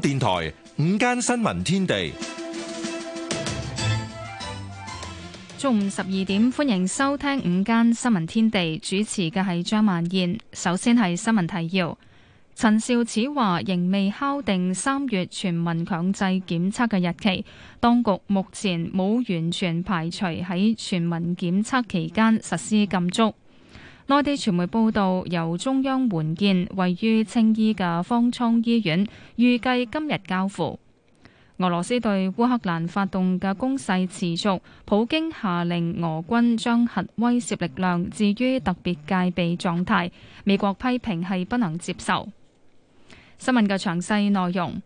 電台午間新聞天地，中午十二點，歡迎收聽午間新聞天地。主持嘅係張曼燕。首先係新聞提要：陳肇始話仍未敲定三月全民強制檢測嘅日期，當局目前冇完全排除喺全民檢測期間實施禁足。內地傳媒報道，由中央援建位於青衣嘅方艙醫院，預計今日交付。俄羅斯對烏克蘭發動嘅攻勢持續，普京下令俄軍將核威懾力量置於特別戒備狀態。美國批評係不能接受。新聞嘅詳細內容。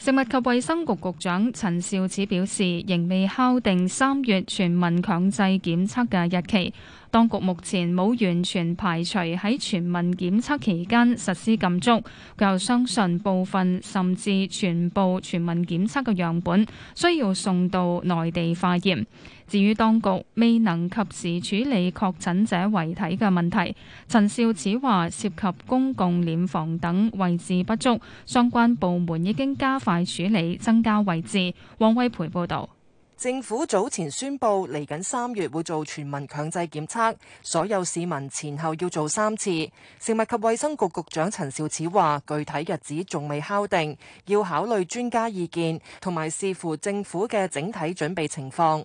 食物及衛生局局長陳肇始表示，仍未敲定三月全民強制檢測嘅日期。當局目前冇完全排除喺全民檢測期間實施禁足。佢又相信部分甚至全部全民檢測嘅樣本需要送到內地化驗。至於當局未能及時處理確診者遺體嘅問題，陳肇始話涉及公共殮房等位置不足，相關部門已經加快處理，增加位置。王威培報導。政府早前宣布，嚟緊三月會做全民強制檢測，所有市民前後要做三次。食物及衛生局局長陳肇始話，具體日子仲未敲定，要考慮專家意見同埋視乎政府嘅整體準備情況。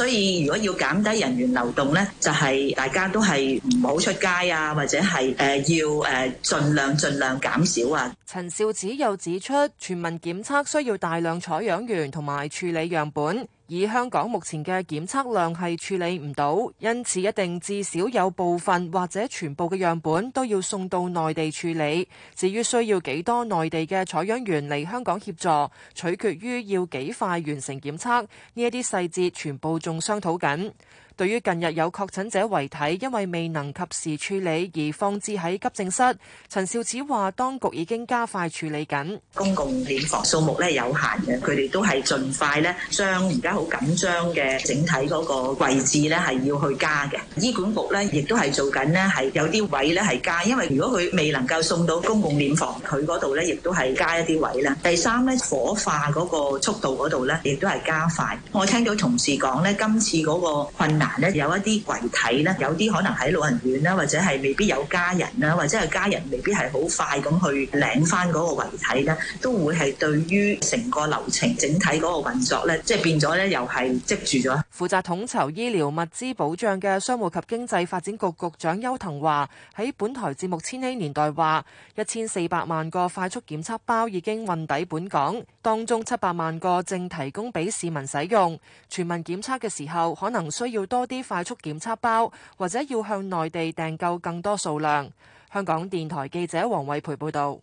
所以如果要減低人員流動咧，就係、是、大家都係唔好出街啊，或者係誒、呃、要誒儘、呃、量儘量減少啊。陳肇始又指出，全民檢測需要大量採樣員同埋處理樣本。以香港目前嘅檢測量係處理唔到，因此一定至少有部分或者全部嘅樣本都要送到內地處理。至於需要幾多內地嘅採樣員嚟香港協助，取決於要幾快完成檢測，呢一啲細節全部仲商討緊。對於近日有確診者遺體因為未能及時處理而放置喺急症室，陳肇始話：當局已經加快處理緊公共殮房數目咧有限嘅，佢哋都係盡快咧將而家好緊張嘅整體嗰個位置咧係要去加嘅。醫管局咧亦都係做緊咧係有啲位咧係加，因為如果佢未能夠送到公共殮房，佢嗰度咧亦都係加一啲位咧。第三咧火化嗰個速度嗰度咧亦都係加快。我聽到同事講咧今次嗰個困難。咧有一啲遺體咧，有啲可能喺老人院啦，或者係未必有家人啦，或者係家人未必係好快咁去領翻個遺體咧，都會係對於成個流程整體個運作咧，即係變咗咧，又係積住咗。負責統籌醫療物資保障嘅商務及經濟發展局局長邱騰華喺本台節目《千禧年代》話，一千四百萬個快速檢測包已經運抵本港，當中七百萬個正提供俾市民使用。全民檢測嘅時候，可能需要多啲快速檢測包，或者要向內地訂購更多數量。香港電台記者黃偉培報導。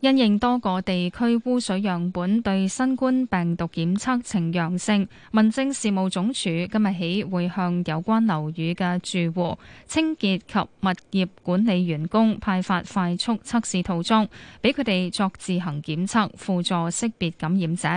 因應多個地區污水樣本對新冠病毒檢測呈陽性，民政事務總署今日起會向有關樓宇嘅住戶、清潔及物業管理員工派發快速測試套裝，俾佢哋作自行檢測，輔助識別感染者。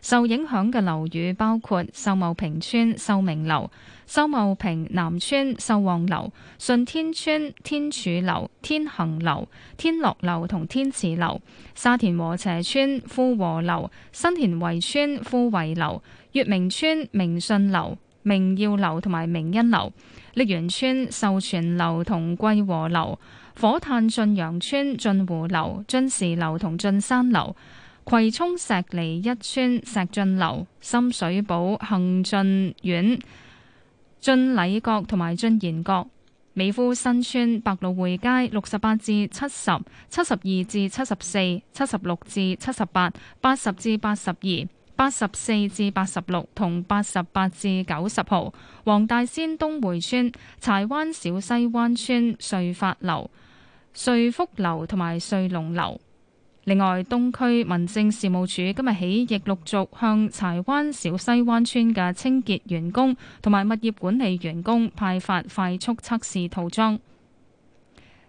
受影響嘅樓宇包括秀茂坪村秀明樓、秀茂坪南村秀旺樓、順天村天柱樓、天恆樓、天樂樓同天池樓、沙田和斜村富和樓、新田圍村富圍樓、月明村明信樓、明耀樓同埋明恩樓、瀝源村秀全樓同貴和樓、火炭進陽村進湖樓、進士樓同進山樓。葵涌石梨一村石俊樓、深水埗幸俊苑、俊禮閣同埋俊賢閣、美孚新村百老匯街六十八至七十、七十二至七十四、七十六至七十八、八十至八十二、八十四至八十六同八十八至九十號、黃大仙東匯村柴灣小西灣村瑞發樓、瑞福樓同埋瑞龍樓。另外，東區民政事務處今日起亦陸續向柴灣小西灣村嘅清潔員工同埋物業管理員工派發快速測試套裝。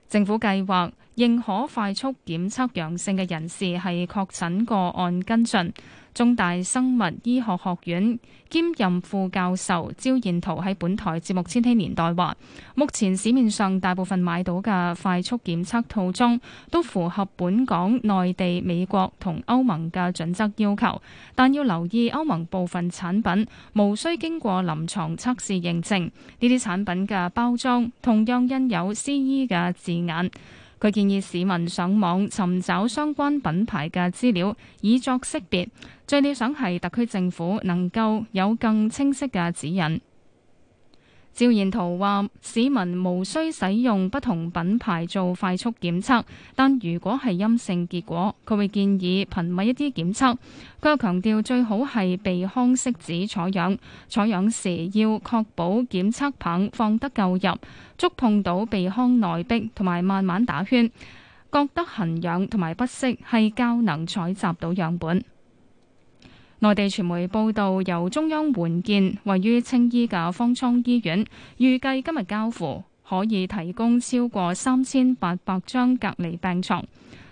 政府計劃認可快速檢測陽性嘅人士係確診個案跟進。中大生物醫學學院兼任副教授招彥燾喺本台節目《千禧年代》話：目前市面上大部分買到嘅快速檢測套裝都符合本港、內地、美國同歐盟嘅準則要求，但要留意歐盟部分產品無需經過臨床測試認證，呢啲產品嘅包裝同樣印有 CE 嘅字眼。佢建議市民上網尋找相關品牌嘅資料，以作識別。最理想係特區政府能夠有更清晰嘅指引。趙賢圖話市民無需使用不同品牌做快速檢測，但如果係陰性結果，佢會建議頻密一啲檢測。佢又強調最好係鼻腔拭子採樣，採樣時要確保檢測棒放得夠入，觸碰到鼻腔內壁，同埋慢慢打圈，覺得痕癢同埋不適係較能採集到樣本。內地傳媒報道，由中央援建位於青衣嘅方艙醫院，預計今日交付，可以提供超過三千八百張隔離病床。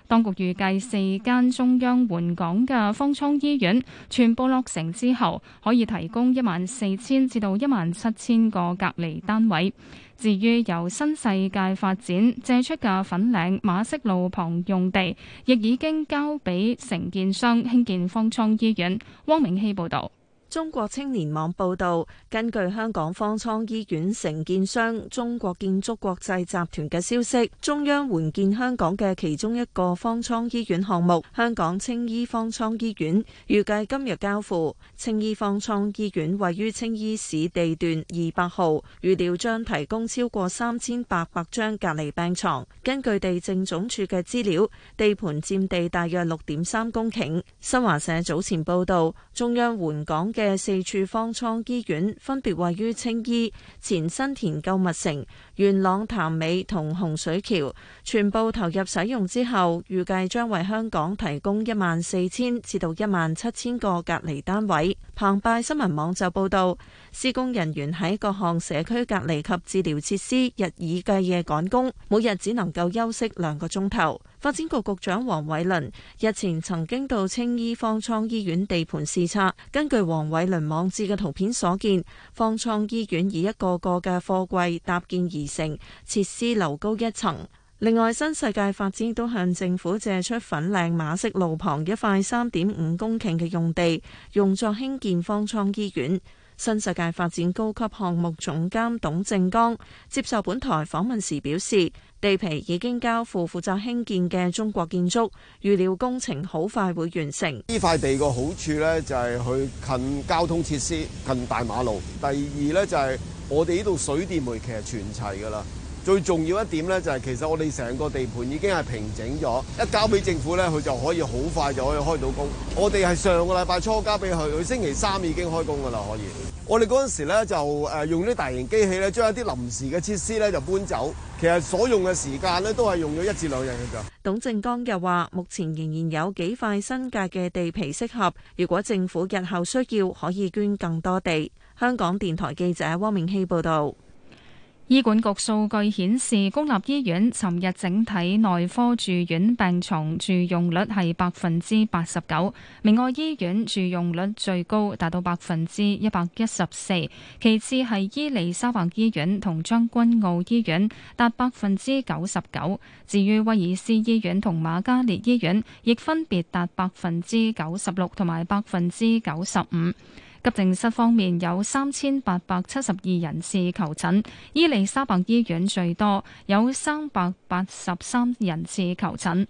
當局預計四間中央援港嘅方艙醫院全部落成之後，可以提供一萬四千至到一萬七千個隔離單位。至於由新世界發展借出嘅粉嶺馬適路旁用地，亦已經交畀承建商興建方艙醫院。汪明希報導。中國青年網報道，根據香港方艙醫院承建商中國建築國際集團嘅消息，中央援建香港嘅其中一個方艙醫院項目——香港青衣方艙醫院，預計今日交付。青衣方艙醫院位於青衣市地段二百號，預料將提供超過三千八百張隔離病床。根據地政總署嘅資料，地盤佔地大約六點三公頃。新華社早前報道，中央援港嘅四處方艙醫院分別位於青衣、前新田購物城、元朗潭尾同洪水橋全部投入使用之後，預計將為香港提供一萬四千至到一萬七千個隔離單位。澎湃新聞網就報導，施工人員喺各項社區隔離及治療設施日以繼夜趕工，每日只能夠休息兩個鐘頭。發展局局長黃偉綸日前曾經到青衣方艙醫院地盤視察。根據黃偉綸網誌嘅圖片所見，方艙醫院以一個個嘅貨櫃搭建而成設施樓高一層。另外，新世界發展亦都向政府借出粉嶺馬式路旁一塊三點五公頃嘅用地，用作興建方艙醫院。新世界發展高級項目總監董正剛接受本台訪問時表示，地皮已經交付負責興建嘅中國建築，預料工程好快會完成。呢塊地個好處呢，就係佢近交通設施，近大馬路。第二呢，就係、是。我哋呢度水電煤其實全齊噶啦，最重要一點呢，就係其實我哋成個地盤已經係平整咗，一交俾政府呢，佢就可以好快就可以開到工。我哋係上個禮拜初交俾佢，佢星期三已經開工噶啦可以。我哋嗰陣時呢就誒用啲大型機器呢，將一啲臨時嘅設施呢就搬走，其實所用嘅時間呢，都係用咗一至兩日嘅。董正剛又話：目前仍然有幾塊新界嘅地皮適合，如果政府日後需要，可以捐更多地。 香港電台記者汪明熙報道，醫管局數據顯示，公立醫院尋日整體內科住院病床住用率係百分之八十九，明愛醫院住用率最高達到百分之一百一十四，其次係伊利沙伯醫院同將軍澳醫院達百分之九十九，至於威爾斯醫院同瑪嘉烈醫院亦分別達百分之九十六同埋百分之九十五。急症室方面有三千八百七十二人次求診，伊利沙伯醫院最多，有三百八十三人次求診。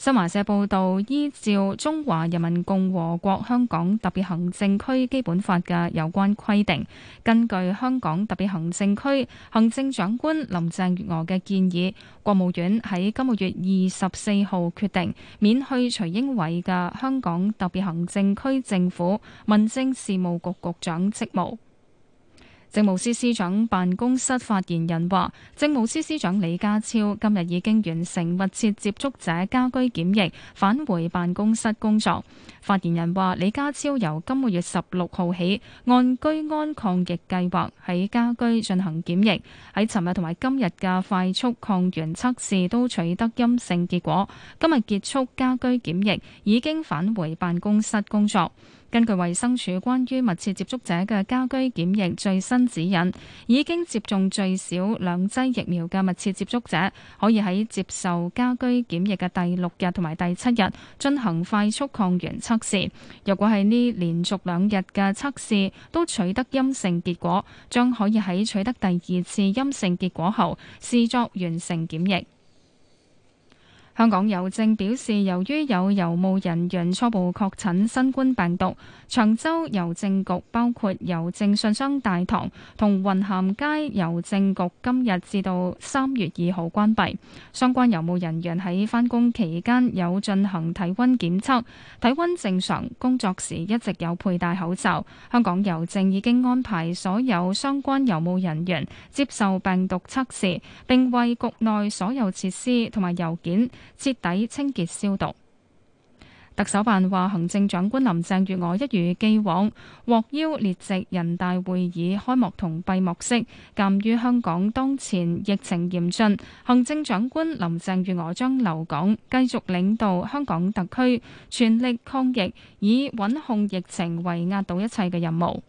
新華社報道，依照《中華人民共和國香港特別行政區基本法》嘅有關規定，根據香港特別行政區行政長官林鄭月娥嘅建議，國務院喺今個月二十四號決定免去徐英偉嘅香港特別行政區政府民政事務局局長職務。政務司司長辦公室發言人話，政務司司長李家超今日已經完成密切接觸者家居檢疫，返回辦公室工作。發言人話，李家超由今個月十六號起按居安抗疫計劃喺家居進行檢疫，喺尋日同埋今日嘅快速抗原測試都取得陰性結果，今日結束家居檢疫，已經返回辦公室工作。根據衛生署關於密切接觸者嘅家居檢疫最新指引，已經接種最少兩劑疫苗嘅密切接觸者，可以喺接受家居檢疫嘅第六日同埋第七日進行快速抗原測試。若果係呢連續兩日嘅測試都取得陰性結果，將可以喺取得第二次陰性結果後視作完成檢疫。香港郵政表示，由於有郵務人員初步確診新冠病毒，長洲郵政局包括郵政信箱大堂同雲咸街郵政局今日至到三月二號關閉。相關郵務人員喺返工期間有進行體溫檢測，體溫正常，工作時一直有佩戴口罩。香港郵政已經安排所有相關郵務人員接受病毒測試，並為局內所有設施同埋郵件，徹底清潔消毒。特首辦話，行政長官林鄭月娥一如既往獲邀列席人大會議開幕同閉幕式。鑑於香港當前疫情嚴峻，行政長官林鄭月娥將留港繼續領導香港特區，全力抗疫，以穩控疫情為壓倒一切嘅任務。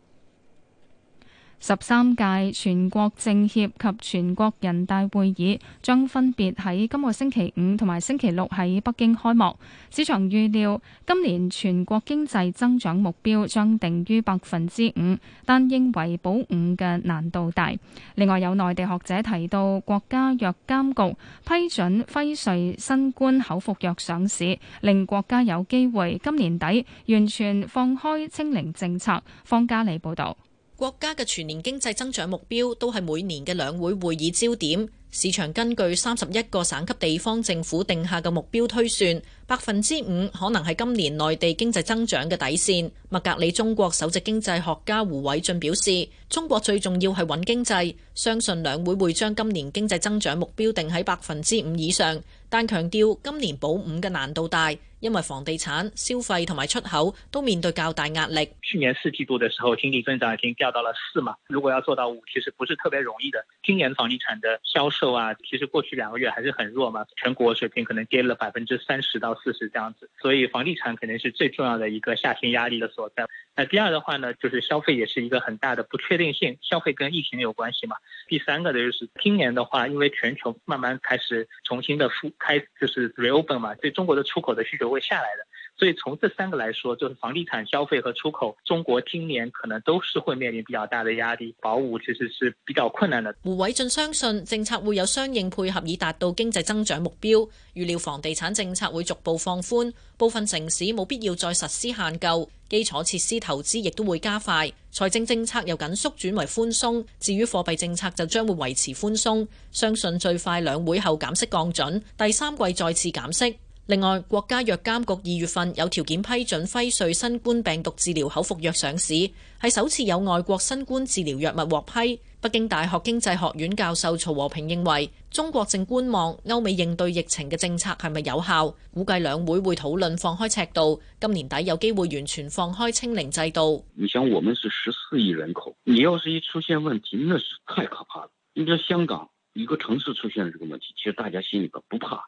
十三屆全國政協及全國人大會議將分別喺今個星期五同埋星期六喺北京開幕。市場預料今年全國經濟增長目標將定於百分之五，但認為保五嘅難度大。另外有內地學者提到，國家藥監局批准輝瑞新冠口服藥上市，令國家有機會今年底完全放開清零政策。方家利報導。國家嘅全年經濟增長目標都係每年嘅兩會會議焦點。市場根據三十一個省級地方政府定下嘅目標推算，百分之五可能係今年內地經濟增長嘅底線。麥格里中國首席經濟學家胡偉俊表示，中國最重要係穩經濟，相信兩會會將今年經濟增長目標定喺百分之五以上，但強調今年保五嘅難度大。因為房地產、消費同埋出口都面對較大壓力。去年四季度的時候，經濟增長已經掉到了四嘛，如果要做到五，其實不是特別容易的。今年房地產的銷售啊，其實過去兩個月還是很弱嘛，全國水平可能跌了百分之三十到四十這樣子。所以房地產肯定是最重要的一個下行壓力的所在。那第二的話呢，就是消費也是一個很大的不確定性，消費跟疫情有關係嘛。第三個的就是今年的話，因為全球慢慢開始重新的復開，就是 reopen 嘛，對中國的出口的需求，會下來的，所以從這三個來說，就是房地產消費和出口，中國今年可能都是會面臨比較大的壓力。保五其實是比較困難的。胡偉俊相信政策會有相應配合，以達到經濟增長目標。預料房地產政策會逐步放寬，部分城市冇必要再實施限購。基礎設施投資亦都會加快。財政政策由緊縮轉為寬鬆，至於貨幣政策就將會維持寬鬆。相信最快兩會後減息降準，第三季再次減息。另外，國家藥監局二月份有條件批准輝瑞新冠病毒治療口服藥上市，係首次有外國新冠治療藥物獲批。北京大學經濟學院教授曹和平認為，中國正觀望歐美應對疫情嘅政策係咪有效，估計兩會會討論放開尺度，今年底有機會完全放開清零制度。你想我們是十四億人口，你要是一出現問題，那是太可怕了。你知香港一個城市出現咗這個問題，其實大家心裏邊不怕。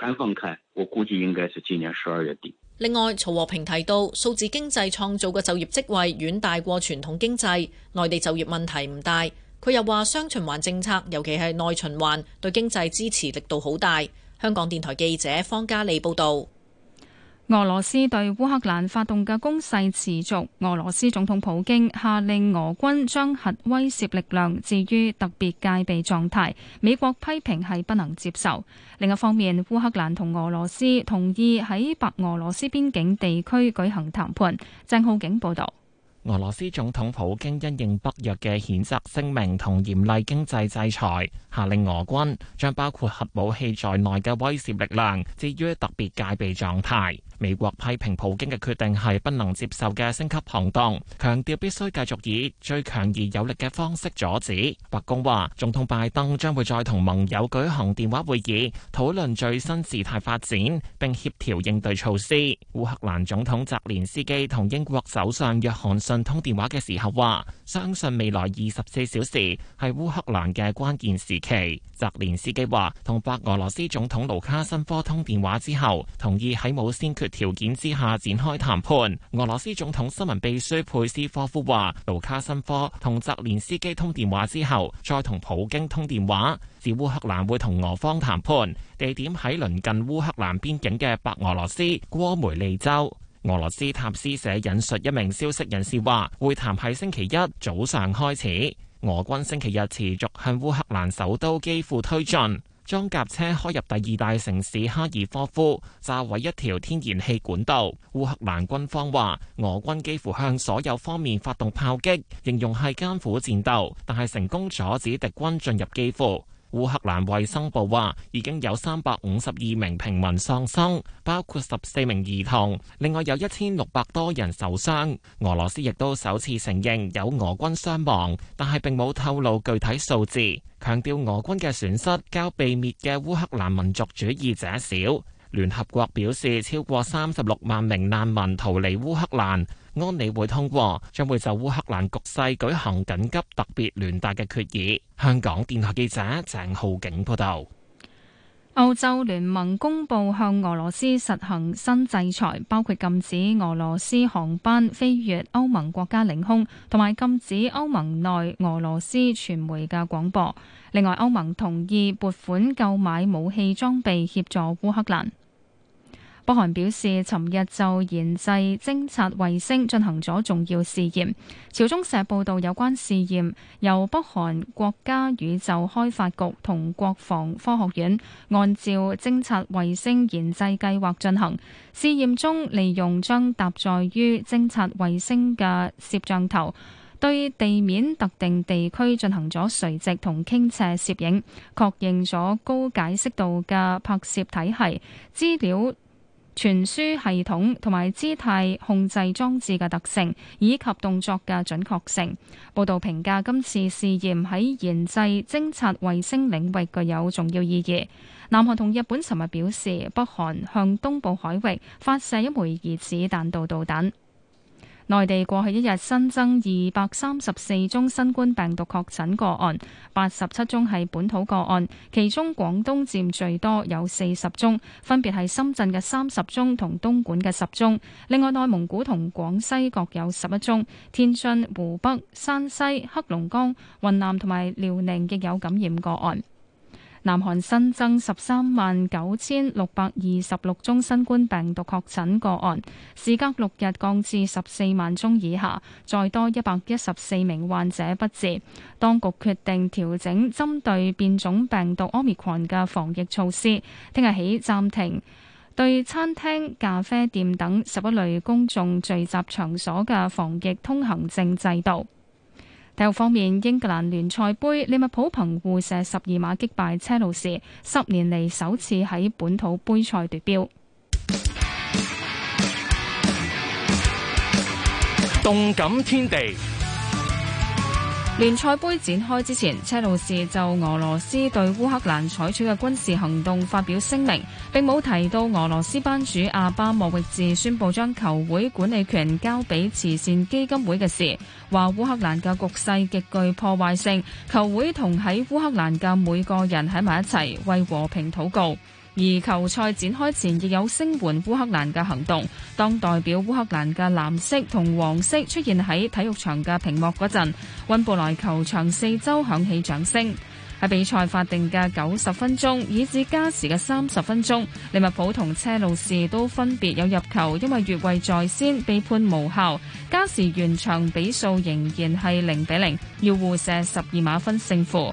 全放開，我估計應該是今年十二月底。另外，曹和平提到，數字經濟創造嘅就業職位遠大過傳統經濟，內地就業問題唔大。佢又話，雙循環政策，尤其係內循環，對經濟支持力度好大。香港電台記者方嘉莉報道。俄羅斯對烏克蘭發動嘅攻勢持續。俄羅斯總統普京下令俄軍將核威懾力量置於特別戒備狀態。美國批評係不能接受。另一方面，烏克蘭同俄羅斯同意喺白俄羅斯邊境地區舉行談判。鄭浩景報道：俄羅斯總統普京因應北約嘅譴責聲明同嚴厲經濟制裁，下令俄軍將包括核武器在內嘅威懾力量置於特別戒備狀態。美國批評普京嘅決定係不能接受嘅升級行動，強調必須繼續以最強而有力嘅方式阻止。白宮話，總統拜登將會再同盟友舉行電話會議，討論最新事態發展並協調應對措施。烏克蘭總統澤連斯基同英國首相約翰遜通電話嘅時候話，相信未來二十四小時係烏克蘭嘅關鍵時期。澤連斯基話，同白俄羅斯總統盧卡申科通電話之後，同意喺冇先決條件之下展開談判。俄羅斯總統新聞秘書佩斯科夫話，盧卡申科同澤連斯基通電話之後，再同普京通電話，指烏克蘭會同俄方談判地點喺鄰近烏克蘭邊境嘅白俄羅斯戈梅利州。俄羅斯塔斯社引述一名消息人士話，會談係星期一早上開始。俄軍星期日持續向烏克蘭首都基輔推進。裝甲車開入第二大城市哈爾科夫，炸毀一條天然氣管道。烏克蘭軍方話，俄軍幾乎向所有方面發動炮擊，形容係艱苦戰鬥，但係成功阻止敵軍進入基輔。烏克蘭衛生部話，已經有三百五十二名平民喪生，包括十四名兒童，另外有一千六百多人受傷。俄羅斯亦都首次承認有俄軍傷亡，但係並冇透露具體數字，強調俄軍嘅損失較被滅嘅烏克蘭民族主義者少。聯合國表示，超過三十六萬名難民逃離烏克蘭。安理會通過，將會就烏克蘭局勢舉行緊急特別聯大嘅決議。香港電台記者鄭浩景報道，歐洲聯盟公布向俄羅斯實行新制裁，包括禁止俄羅斯航班飛越歐盟國家領空，同埋禁止歐盟內俄羅斯傳媒嘅廣播。另外，歐盟同意撥款購買武器裝備，協助烏克蘭。北韓表示，尋日就研製偵察衛星進行咗重要試驗。朝中社報道，有關試驗由北韓國家宇宙開發局同國防科學院按照偵察衛星研製計劃進行。試驗中，利用將搭載於偵察衛星嘅攝像頭，對地面特定地區進行咗垂直同傾斜攝影，確認咗高解析度嘅拍攝體系資料。傳輸系統同埋姿態控制裝置嘅特性，以及動作嘅準確性。報道評價今次試驗喺研製偵察衛星領域具有重要意義。南韓同日本尋日表示，北韓向東部海域發射一枚疑似彈道導彈。內地過去一日新增二百三十四宗新冠病毒確診個案，八十七宗係本土個案，其中廣東佔最多，有四十宗，分別係深圳嘅三十宗同東莞嘅十宗。另外，內蒙古同廣西各有十一宗，天津、湖北、山西、黑龍江、雲南同埋遼寧亦有感染個案。南韓新增十三萬九千六百二十六宗新冠病毒確診個案，事隔六日降至十四萬宗以下，再多一百一十四名患者不治。當局決定調整針對變種病毒 Omicron 嘅防疫措施，聽日起暫停對餐廳、咖啡店等十一類公眾聚集場所嘅防疫通行證制度。體育方面，英格蘭聯賽盃，利物浦憑互射十二碼擊敗車路士，十年嚟首次喺本土盃賽奪標。動感天地。聯賽盃展開之前，車路士就俄羅斯對烏克蘭採取嘅軍事行動發表聲明，並冇提到俄羅斯班主阿巴莫域治宣布將球會管理權交俾慈善基金會嘅事，話烏克蘭嘅局勢極具破壞性，球會同喺烏克蘭嘅每個人喺埋一齊為和平禱告。而球賽展開前亦有聲援烏克蘭嘅行動。當代表烏克蘭嘅藍色同黃色出現喺體育場嘅屏幕嗰陣，溫布萊球場四周響起掌聲。喺比賽法定嘅九十分鐘，以至加時嘅三十分鐘，利物浦同車路士都分別有入球，因為越位在先被判無效。加時完場比數仍然係零比零，要互射十二碼分勝負。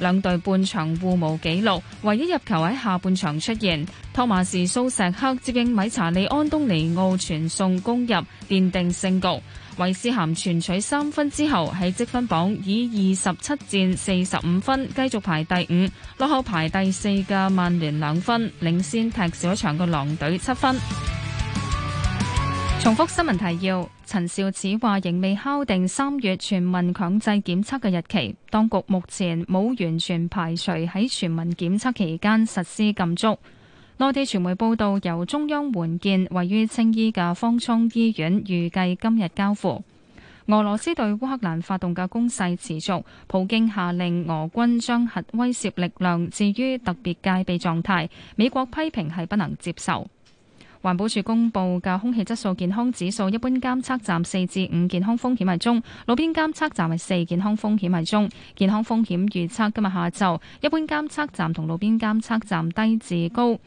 兩隊半場互無紀錄，唯一入球喺下半場出現。托馬士蘇石克接應米查利安東尼奧傳送攻入，奠定勝局。韋斯咸全取三分之後，喺積分榜以二十七戰四十五分繼續排第五，落後排第四嘅曼聯兩分，領先踢少一場嘅狼隊七分。重複新聞提要：陳肇始話仍未敲定三月全民強制檢測嘅日期，當局目前冇完全排除喺全民檢測期間實施禁足。內地傳媒報道，由中央援建位於青衣嘅方艙醫院，預計今日交付。俄羅斯對烏克蘭發動嘅攻勢持續，普京下令俄軍將核威懾力量置於特別戒備狀態。美國批評係不能接受。環保署公布嘅空氣質素健康指數，一般監測站四至五，健康風險係中；路邊監測站為四，健康風險係中。健康風險預測今日下晝，一般監測站同路邊監測站低至高。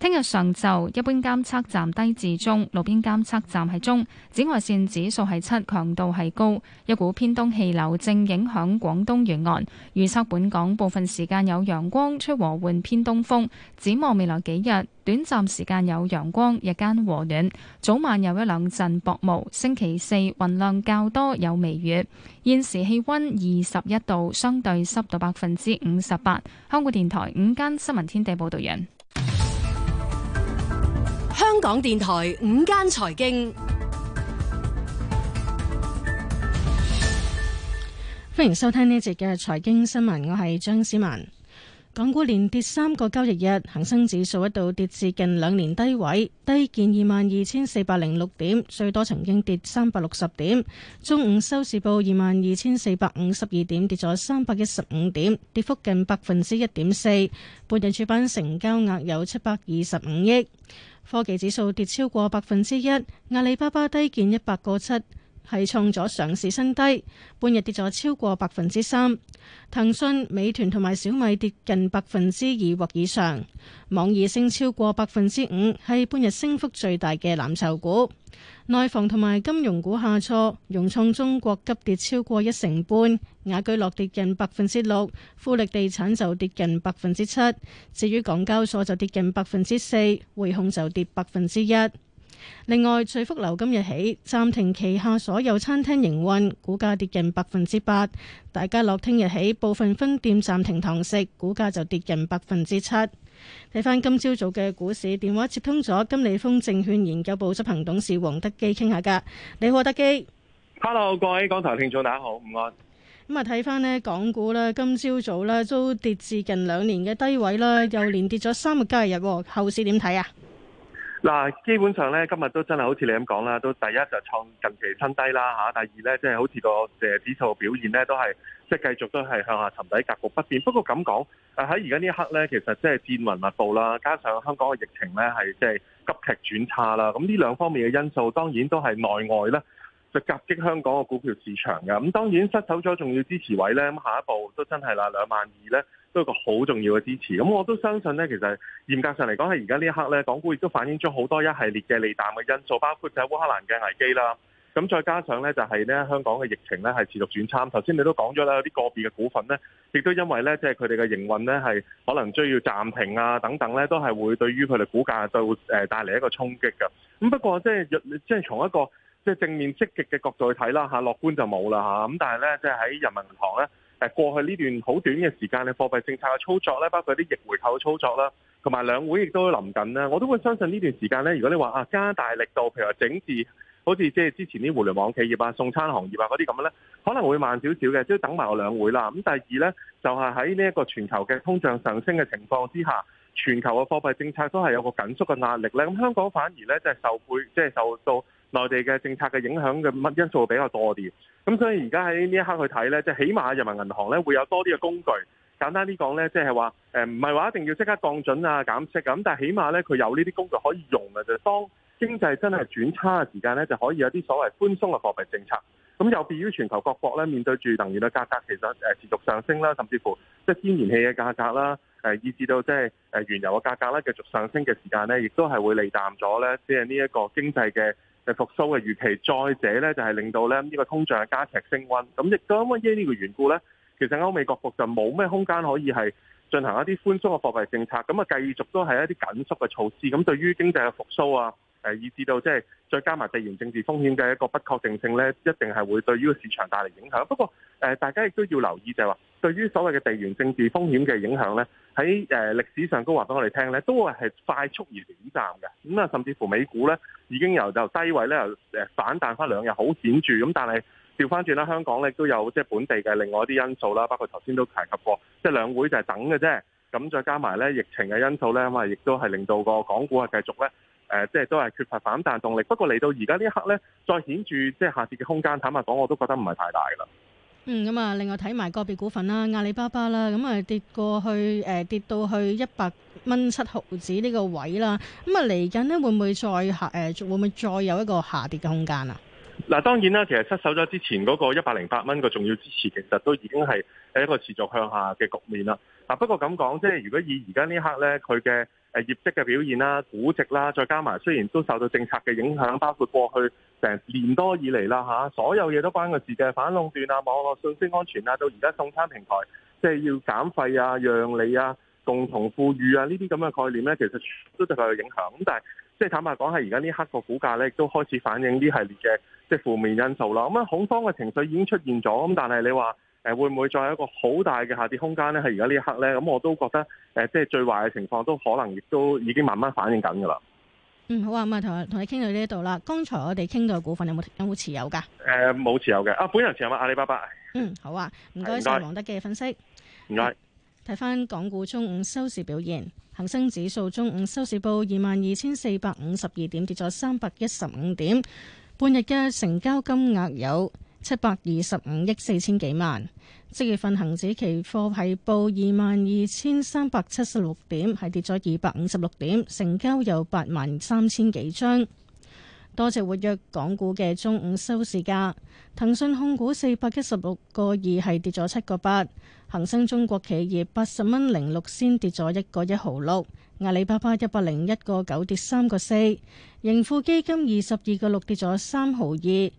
聽日上晝，一般監測站低至中，路邊監測站係中。紫外線指數係七，強度係高。一股偏東氣流正影響廣東沿岸，預測本港部分時間有陽光，吹和緩偏東風。展望未來幾日，短暫時間有陽光，日間和暖，早晚有一兩陣薄霧。星期四雲量較多，有微雨。現時氣温二十一度，相對濕度百分之五十八。香港電台午間新聞天地報道員。香港電台午間財經，歡迎收聽呢節嘅財經新聞。我係張思文。港股連跌三個交易日，恒生指數一度跌至近兩年低位，低見二萬二千四百零六點，最多曾經跌三百六十點。中午收市報二萬二千四百五十二點，跌咗三百一十五點，跌幅近百分之一點四。半日主板成交額有七百二十五億。科技指數跌超過百分之一，阿里巴巴低見一百個七，係創咗上市新低，半日跌咗超過百分之三。騰訊、美團同埋小米跌近百分之二或以上，網易升超過百分之五，係半日升幅最大嘅藍籌股。內房同埋金融股下挫，融創中國急跌超過一成半，雅居樂跌近百分之六，富力地產就跌近百分之七。至於港交所就跌近百分之四，匯控就跌百分之一。另外，翠福樓今日起暫停旗下所有餐廳營運，股價跌近百分之八。大家樂聽日起部分分店暫停堂食，股價就跌近百分之七。睇翻今朝早嘅股市，電話接通咗，金利豐證券研究部執行董事黃德基傾下㗎。你好，德基。Hello，各位港台聽眾，大家好，午安。咁啊，睇翻呢港股啦，今朝早啦都跌至近兩年嘅低位啦，又連跌咗三個交易日。後市點睇啊？嗱，基本上咧，今日都真係好似你咁講啦，都第一就創近期新低啦嚇，啊，第二咧，即係好似個誒指數表現咧，都係即係繼續都係向下沉底格局不變。不過咁講，喺而家呢一刻咧，其實即係戰雲密佈啦，加上香港嘅疫情咧係即係急劇轉差啦，咁呢兩方面嘅因素當然都係內外咧就夾擊香港嘅股票市場嘅。咁當然失守咗重要支持位咧，咁下一步都真係啦，兩萬二咧。都係個好重要嘅支持，咁我都相信呢，其實嚴格上嚟講，係而家呢一刻呢，港股亦都反映咗好多一系列嘅利淡嘅因素，包括就係烏克蘭嘅危機啦。咁再加上呢，就係呢香港嘅疫情呢，係持續轉差。頭先你都講咗啦，有啲個別嘅股份呢，亦都因為呢，即係佢哋嘅營運呢，係可能需要暫停啊等等呢，都係會對於佢哋股價就會誒帶嚟一個衝擊㗎。咁不過即係即係從一個即係正面積極嘅角度去睇啦嚇，樂觀就冇啦嚇。咁但係呢，即係喺人民銀行呢。誒過去呢段好短嘅時間咧，貨幣政策嘅操作咧，包括啲逆回購操作啦，同埋兩會亦都臨近啦，我都會相信呢段時間咧，如果你話啊加大力度，譬如話整治，好似即係之前啲互聯網企業啊、送餐行業啊嗰啲咁咧，可能會慢少少嘅，即係等埋我兩會啦。咁第二咧，就係喺呢一個全球嘅通脹上升嘅情況之下，全球嘅貨幣政策都係有個緊縮嘅壓力咧。咁香港反而咧，即係受背，即係受到。內地嘅政策嘅影響嘅乜因素比較多啲？咁所以而家喺呢一刻去睇呢，即係起碼人民銀行呢會有多啲嘅工具。簡單啲講呢，即係話誒唔係話一定要即刻降準啊減息咁，但係起碼呢，佢有呢啲工具可以用嘅，就當經濟真係轉差嘅時間呢，就可以有啲所謂寬鬆嘅貨幣政策。咁有別於全球各國呢，面對住能源嘅價格其實誒持續上升啦，甚至乎即係天然氣嘅價格啦，誒以至到即係誒原油嘅價格咧繼續上升嘅時間呢，亦都係會利淡咗呢。即係呢一個經濟嘅。嘅復甦嘅預期，再者咧就係令到咧呢個通脹嘅加劇升溫，咁亦都因為呢個緣故咧，其實歐美各國就冇咩空間可以係進行一啲寬鬆嘅貨幣政策，咁啊繼續都係一啲緊縮嘅措施。咁對於經濟嘅復甦啊，誒以至到即係再加埋地緣政治風險嘅一個不確定性咧，一定係會對於個市場帶嚟影響。不過誒，大家亦都要留意就係話，對於所謂嘅地緣政治風險嘅影響咧。喺誒歷史上都話俾我哋聽咧，都係係快速而短暫嘅。咁啊，甚至乎美股咧已經由由低位咧由反彈翻兩日，好顯著。咁但係調翻轉啦，香港咧都有即係本地嘅另外一啲因素啦，包括頭先都提及過，即係兩會就係等嘅啫。咁再加埋咧疫情嘅因素咧，咁啊亦都係令到個港股係繼續咧誒、呃，即係都係缺乏反彈動力。不過嚟到而家呢一刻咧，再顯著即係下跌嘅空間，坦白講我都覺得唔係太大噶啦。嗯，咁啊，另外睇埋個別股份啦，阿里巴巴啦，咁、嗯、啊跌過去，誒、呃、跌到去一百蚊七毫子呢個位啦，咁啊嚟緊咧會唔會再下？誒、呃、會唔會再有一個下跌嘅空間啊？嗱，當然啦，其實失守咗之前嗰、那個一百零八蚊嘅重要支持，其實都已經係喺一個持續向下嘅局面啦。嗱，不過咁講，即係如果以而家呢刻咧，佢嘅誒，業績嘅表現啦、估值啦，再加埋，雖然都受到政策嘅影響，包括過去成年多以嚟啦嚇，所有嘢都關個事嘅反壟斷啊、網絡信息安全啊，到而家送餐平台即係、就是、要減費啊、讓利啊、共同富裕啊呢啲咁嘅概念呢，其實都對佢有影響。咁但係即係坦白講，係而家呢刻個股價呢，亦都開始反映呢系列嘅即係負面因素啦。咁啊，恐慌嘅情緒已經出現咗。咁但係你話？誒，會唔會再有一個好大嘅下跌空間呢？喺而家呢一刻呢，咁我都覺得誒，即係最壞嘅情況都可能，亦都已經慢慢反映緊噶啦。嗯，好啊，咁啊，同同你傾到呢度啦。剛才我哋傾到嘅股份有冇有冇持有噶？誒、呃，冇持有嘅。啊，本人持有阿阿里巴巴。嗯，好啊，唔該晒，王德基嘅分析。唔該煩。睇翻港股中午收市表現，恒生指數中午收市報二萬二千四百五十二點，跌咗三百一十五點。半日嘅成交金額有。七百二十五億四千幾萬。即月份恒指期貨係報二萬二千三百七十六點，係跌咗二百五十六點，成交有八萬三千幾張。多隻活躍港股嘅中午收市價，騰訊控股四百一十六個二係跌咗七個八，恒生中國企業八十蚊零六先跌咗一個一毫六，阿里巴巴一百零一個九跌三個四，盈富基金二十二個六跌咗三毫二。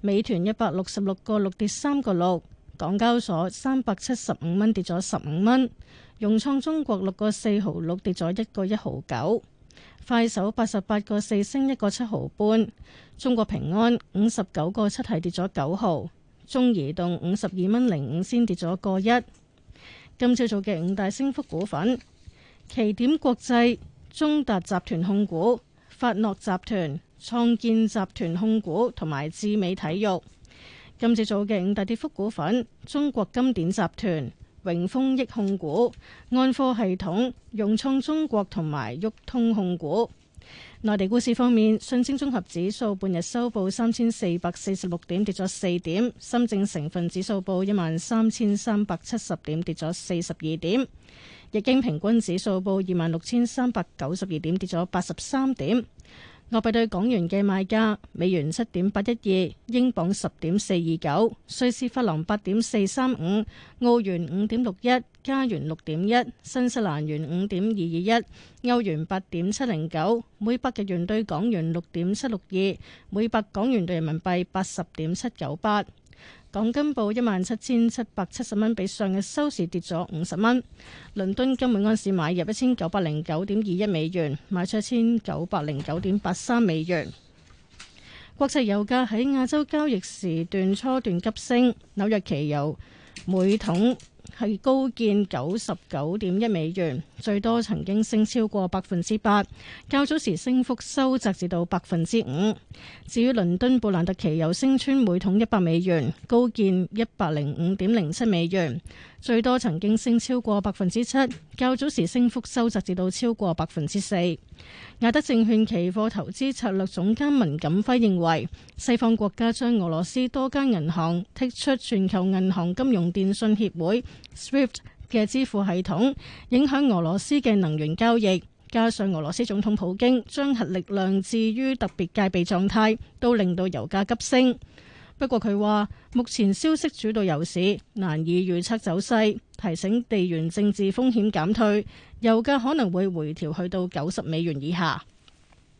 美團一百六十六個六跌三個六，港交所三百七十五蚊跌咗十五蚊，融創中國六個四毫六跌咗一個一毫九，快手八十八個四升一個七毫半，中國平安五十九個七係跌咗九毫，中移動五十二蚊零五先跌咗個一。今朝早嘅五大升幅股份：奇點國際、中達集團控股、法諾集團。創建集團控股同埋智美體育。今次做嘅五大跌幅股份：中國金典集團、榮豐益控股、安科系統、融創中國同埋旭通控股。內地股市方面，信深綜合指數半日收報三千四百四十六點，跌咗四點；深證成分指數報一萬三千三百七十點，跌咗四十二點；日經平均指數報二萬六千三百九十二點，跌咗八十三點。外幣對港元嘅賣價：美元七點八一二，英鎊十點四二九，瑞士法郎八點四三五，澳元五點六一，加元六點一，新西蘭元五點二二一，歐元八點七零九，每百日元對港元六點七六二，每百港元對人民幣八十點七九八。港金報一萬七千七百七十蚊，比上日收市跌咗五十蚊。倫敦金每安士買入一千九百零九點二一美元，賣出一千九百零九點八三美元。國際油價喺亞洲交易時段初段急升，紐約期油每桶。係高見九十九點一美元，最多曾經升超過百分之八，較早時升幅收窄至到百分之五。至於倫敦布蘭特期油升穿每桶一百美元，高見一百零五點零七美元。最多曾經升超過百分之七，較早時升幅收窄至到超過百分之四。亞德證券期貨投資策略總監文錦輝認為，西方國家將俄羅斯多間銀行剔出全球銀行金融電訊協會 SWIFT 嘅支付系統，影響俄羅斯嘅能源交易，加上俄羅斯總統普京將核力量置於特別戒備狀態，都令到油價急升。不過佢話，目前消息主導油市，難以預測走勢。提醒地緣政治風險減退，油價可能會回調去到九十美元以下。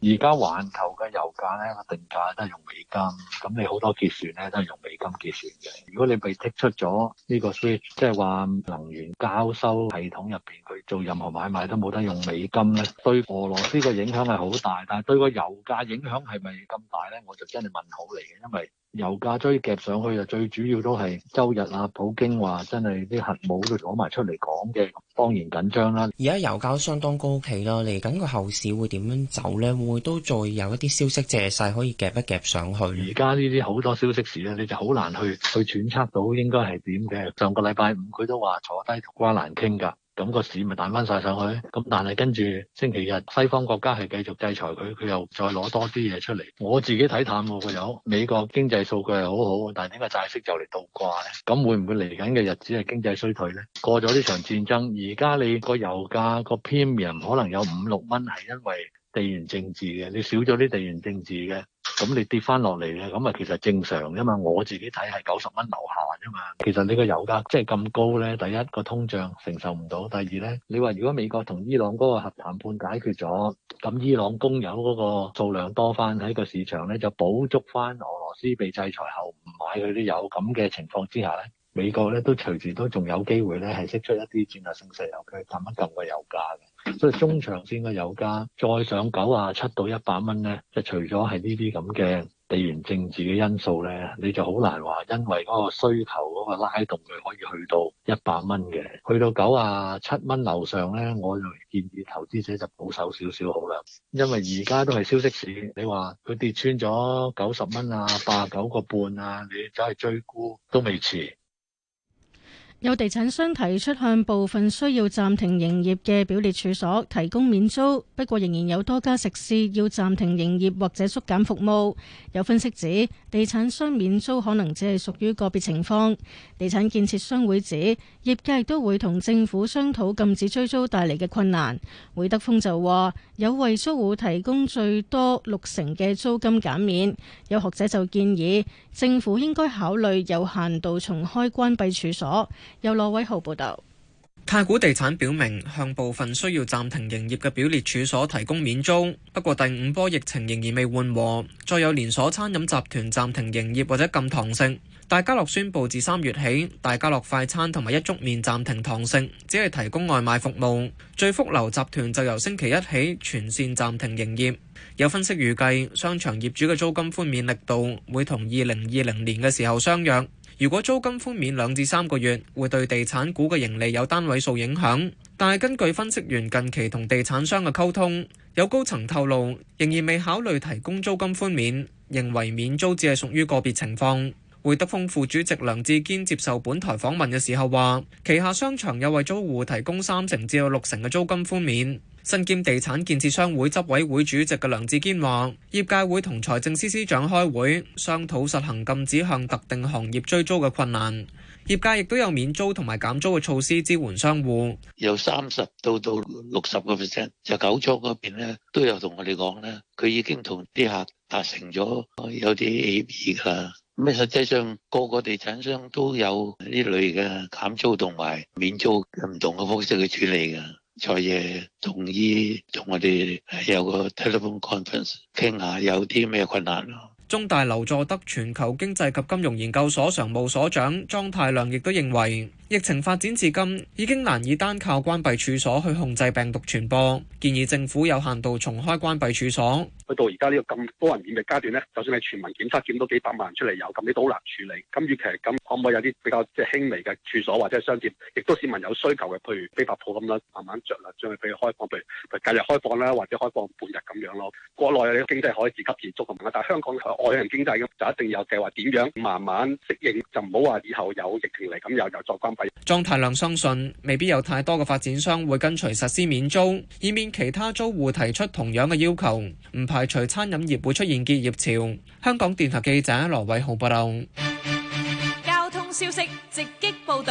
而家環球嘅油價咧，定價都係用美金，咁你好多結算呢，都係用美金結算嘅。如果你被剔出咗呢個 SWIFT 即係話能源交收系統入邊，佢做任何買賣都冇得用美金呢，對俄羅斯嘅影響係好大，但係對個油價影響係咪咁大呢？我就真係問號嚟嘅，因為。油價追夾上去啊，最主要都係周日啊，普京話真係啲核武都攞埋出嚟講嘅，當然緊張啦。而家油價相當高企啦，嚟緊個後市會點樣走咧？會唔會都再有一啲消息借勢可以夾一夾上去？而家呢啲好多消息市咧，你就好難去去揣測到應該係點嘅。上個禮拜五佢都話坐低同瓜蘭傾噶。咁個市咪彈翻晒上去，咁但係跟住星期日西方國家係繼續制裁佢，佢又再攞多啲嘢出嚟。我自己睇淡喎個油，美國經濟數據係好好，但係呢個債息就嚟倒掛咧，咁會唔會嚟緊嘅日子係經濟衰退咧？過咗呢場戰爭，而家你個油價個 premium 可能有五六蚊，係因為，地緣政治嘅，你少咗啲地緣政治嘅，咁你跌翻落嚟嘅，咁啊其實正常，啫嘛。我自己睇係九十蚊樓下啫嘛。其實你個油價即係咁高呢，第一個通脹承受唔到，第二呢，你話如果美國同伊朗嗰個核談判解決咗，咁伊朗供油嗰個數量多翻喺個市場呢，就補足翻俄羅斯被制裁後唔買佢啲油，咁嘅情況之下呢，美國呢都隨時都仲有機會呢係釋出一啲戰略性石油，佢撳一撳個油價所以中長線嘅油價，再上九啊七到一百蚊咧，即係除咗係呢啲咁嘅地緣政治嘅因素咧，你就好難話，因為嗰個需求嗰個拉動佢可以去到一百蚊嘅，去到九啊七蚊樓上咧，我就建議投資者就保守少少好啦，因為而家都係消息市，你話佢跌穿咗九十蚊啊，八九個半啊，你走去追沽都未遲。有地產商提出向部分需要暫停營業嘅表列處所提供免租，不過仍然有多家食肆要暫停營業或者縮減服務。有分析指，地產商免租可能只係屬於個別情況。地產建設商會指，業界都會同政府商討禁止追租帶嚟嘅困難。會德豐就話，有為租戶提供最多六成嘅租金減免。有學者就建議，政府應該考慮有限度重開關閉處所。有羅偉豪報道，太古地產表明向部分需要暫停營業嘅表列處所提供免租。不過第五波疫情仍然未緩和，再有連鎖餐飲集團暫停營業或者禁堂食。大家樂宣布自三月起，大家樂快餐同埋一粥麵暫停堂食，只係提供外賣服務。聚福樓集團就由星期一起全線暫停營業。有分析預計，商場業主嘅租金寬免力度會同二零二零年嘅時候相若。如果租金寬免兩至三個月，會對地產股嘅盈利有單位數影響，但係根據分析員近期同地產商嘅溝通，有高層透露仍然未考慮提供租金寬免，認為免租只係屬於個別情況。會德豐副主席梁志堅接受本台訪問嘅時候話，旗下商場有為租戶提供三成至到六成嘅租金寬免。新兼地產建設商會執委會主席嘅梁志堅話，業界會同財政司司長開會，商討實行禁止向特定行業追租嘅困難。業界亦都有免租同埋減租嘅措施支援商戶，由三十到到六十個 percent。就九租嗰邊咧，都有同我哋講咧，佢已經同啲客達成咗有啲協議噶。咁啊，實際上個個地產商都有呢類嘅減租同埋免租唔同嘅方式去處理噶。財爺同意同我哋有個 telephone conference 傾下，有啲咩困難咯？中大劉佐德全球經濟及金融研究所常務所長莊太量亦都認為疫情發展至今已經難以單靠關閉處所去控制病毒傳播，建議政府有限度重開關閉處所。去到而家呢個咁多人免疫嘅階段咧，就算係全民檢測檢到幾百萬出嚟有，咁你都好難處理。咁與其咁可唔可以有啲比較即係輕微嘅處所或者係商店，亦都市民有需求嘅，譬如非法鋪咁樣慢慢著力將佢俾佢開放，譬如佢隔日開放啦，或者開放半日咁樣咯。國內嘅經濟可以自給自足同但係香港外人經濟咁就一定有，計劃點樣慢慢適應，就唔好話以後有疫情嚟咁又又再關閉。莊太亮相信未必有太多嘅發展商會跟隨實施免租，以免其他租戶提出同樣嘅要求。唔排。排除餐飲業會出現結業潮。香港電台記者羅偉豪報道。交通消息直擊報。